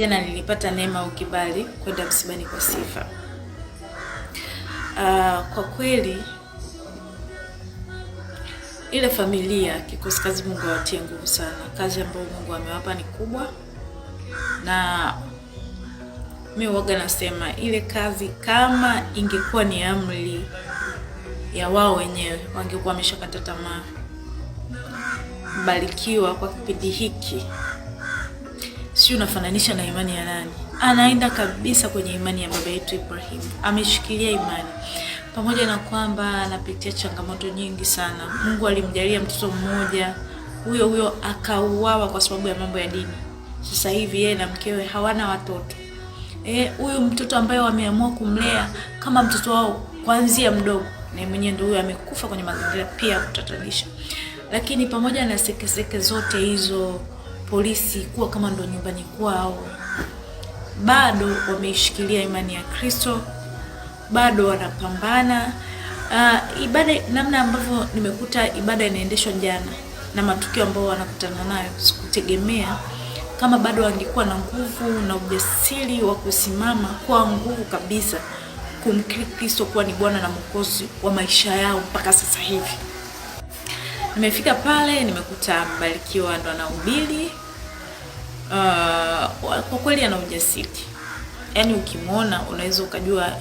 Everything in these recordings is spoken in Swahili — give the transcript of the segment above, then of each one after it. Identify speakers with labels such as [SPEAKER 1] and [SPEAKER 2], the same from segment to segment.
[SPEAKER 1] Jana nilipata neema ukibali kwenda msibani kwa Sifa. Uh, kwa kweli ile familia kikosi kazi, Mungu awatie nguvu sana. Kazi ambayo Mungu amewapa ni kubwa, na mi waga nasema ile kazi kama ingekuwa ni amri ya wao wenyewe wangekuwa wameshakata tamaa. Mbarikiwa kwa kipindi hiki. Sio unafananisha na imani ya nani? Anaenda kabisa kwenye imani ya baba yetu Ibrahim, ameshikilia imani pamoja na kwamba anapitia changamoto nyingi sana. Mungu alimjalia mtoto mmoja huyo huyo akauawa kwa sababu ya mambo ya dini. Sasa hivi yeye na mkewe hawana watoto. Eh, huyu mtoto ambaye wameamua kumlea kama mtoto wao kuanzia mdogo, na mwenyewe ndio huyo amekufa kwenye mazingira pia kutatanisha. Lakini pamoja na sekeseke zote hizo polisi kuwa kama ndo nyumbani kwao. Bado wameishikilia imani ya Kristo, bado wanapambana. Uh, ibada namna ambavyo nimekuta ibada inaendeshwa jana na matukio ambayo wanakutana nayo, sikutegemea kama bado wangekuwa na nguvu na ujasiri wa kusimama kwa nguvu kabisa kumkiri Kristo kuwa ni Bwana na Mwokozi wa maisha yao mpaka sasa hivi. Nimefika pale nimekuta Mbarikiwa ndo anahubiri. Uh, kwa kweli ana ujasiri, yaani ukimwona unaweza ukajua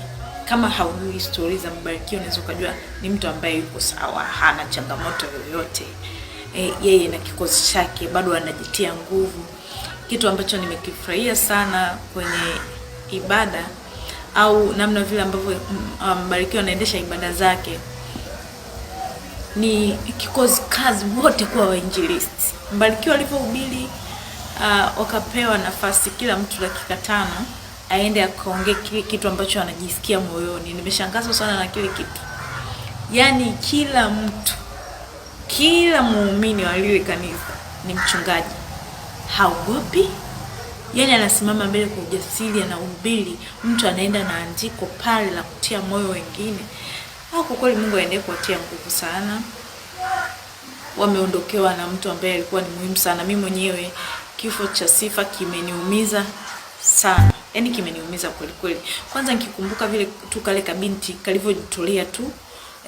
[SPEAKER 1] kama haujui histori za Mbarikiwa unaweza ukajua ni mtu ambaye yuko sawa, hana changamoto yoyote. E, yeye na kikosi chake bado anajitia nguvu. Kitu ambacho nimekifurahia sana kwenye ibada au namna vile ambavyo mm, um, Mbarikiwa anaendesha ibada zake ni kikosi kazi wote kuwa wainjilisti. Mbarikiwa alivyohubiri uh, wakapewa nafasi kila mtu dakika tano aende akaongee kile kitu ambacho anajisikia moyoni. Nimeshangazwa sana na kile kitu, yaani kila mtu, kila muumini wa lile kanisa ni mchungaji, haogopi yaani anasimama mbele kwa ujasiri, anahubiri. Mtu anaenda na andiko pale la kutia moyo wengine au kwa kweli Mungu aendelee kuwatia nguvu sana. Wameondokewa na mtu ambaye alikuwa ni muhimu sana. Mimi mwenyewe kifo cha Sifa kimeniumiza sana, yaani kimeniumiza kweli kweli. Kwanza nikikumbuka vile tu kale kabinti kalivyojitolea tu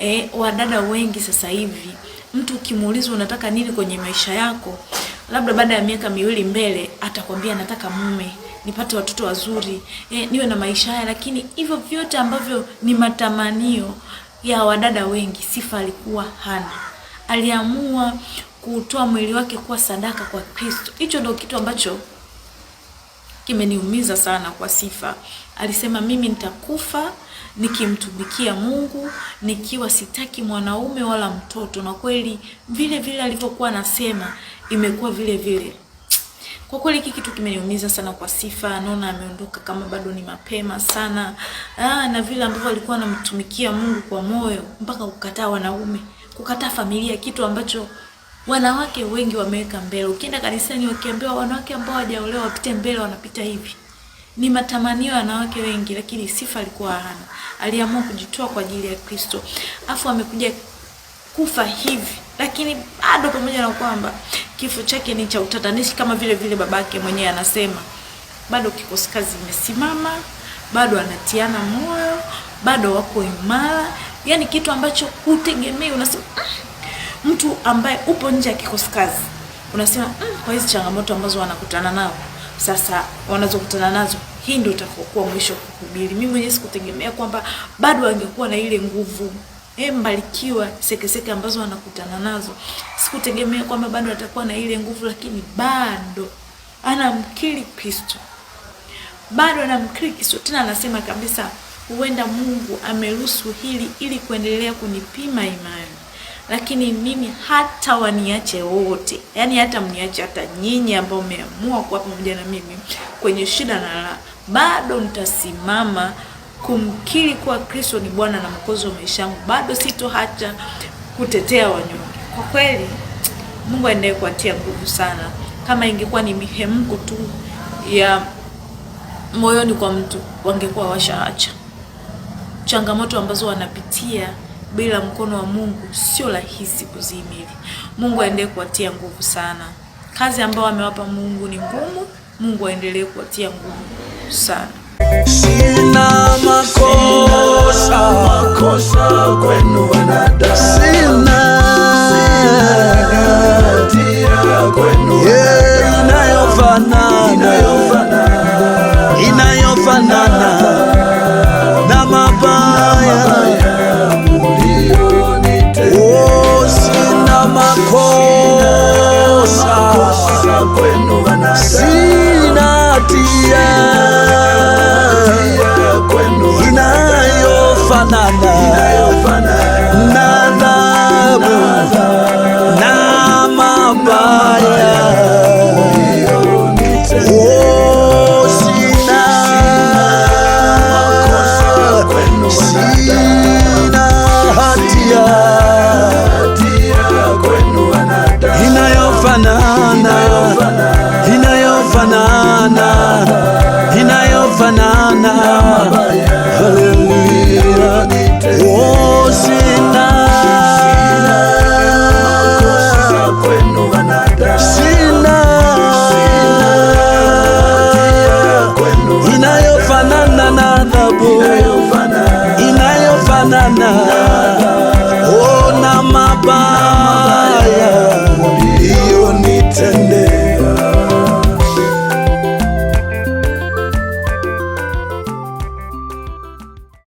[SPEAKER 1] E, wadada wengi sasa hivi mtu ukimuuliza unataka nini kwenye maisha yako, labda baada ya miaka miwili mbele, atakwambia nataka mume, nipate watoto wazuri, e, niwe na maisha haya. Lakini hivyo vyote ambavyo ni matamanio ya wadada wengi Sifa alikuwa hana, aliamua kutoa mwili wake kuwa sadaka kwa Kristo. Hicho ndio kitu ambacho kimeniumiza sana kwa Sifa. Alisema mimi nitakufa nikimtumikia Mungu nikiwa sitaki mwanaume wala mtoto, na kweli vile vile alivyokuwa anasema imekuwa vile vile. Kwa kweli hiki kitu kimeniumiza sana kwa Sifa. Naona ameondoka kama bado ni mapema sana. Ah, na vile ambavyo alikuwa anamtumikia Mungu kwa moyo mpaka kukataa wanaume, kukataa familia, kitu ambacho wanawake wengi wameweka mbele. Ukienda kanisani ukiambiwa wanawake ambao hawajaolewa wapite mbele, wanapita hivi. Ni matamanio ya wanawake wengi, lakini Sifa alikuwa hana. Aliamua kujitoa kwa ajili ya Kristo, afu amekuja kufa hivi lakini bado pamoja na kwamba kifo chake ni cha utatanishi, kama vile vile babake mwenyewe anasema, bado kikosi kazi imesimama, bado anatiana moyo, bado wako imara, yani kitu ambacho hutegemei. Unasema mm, mtu ambaye upo nje ya kikosi kazi unasema mm, kwa hizi changamoto ambazo wanakutana nao sasa wanazokutana nazo, hii ndio itakokuwa mwisho kuhubiri. Mimi mwenyewe sikutegemea kwamba bado angekuwa na ile nguvu. He, eh, Mbarikiwa, sekeseke ambazo anakutana nazo, sikutegemea kwamba bado atakuwa na ile nguvu, lakini bado anamkiri Kristo, bado anamkiri Kristo. Tena anasema kabisa, huenda Mungu ameruhusu hili ili kuendelea kunipima imani, lakini mimi hata waniache wote, yaani hata mniache, hata nyinyi ambao mmeamua kuwa pamoja na mimi kwenye shida na la, bado nitasimama kumkiri kuwa Kristo ni Bwana na Mwokozi wa maisha yangu, bado hacha kutetea wanyonge. Kwa kweli, Mungu aendelee kuatia nguvu sana. Kama ingekuwa ni mihemko tu ya moyoni kwa mtu, wangekuwa washaacha. Changamoto ambazo wanapitia bila mkono wa Mungu sio rahisi kuzihimili. Mungu aendelee kuatia nguvu sana. Kazi ambayo amewapa Mungu ni ngumu. Mungu aendelee kuwatia nguvu sana. Sina makosa kwenu wanadamu, sina hatia kwenu inayofanana inayofanana na mabaya oh, Sina hatia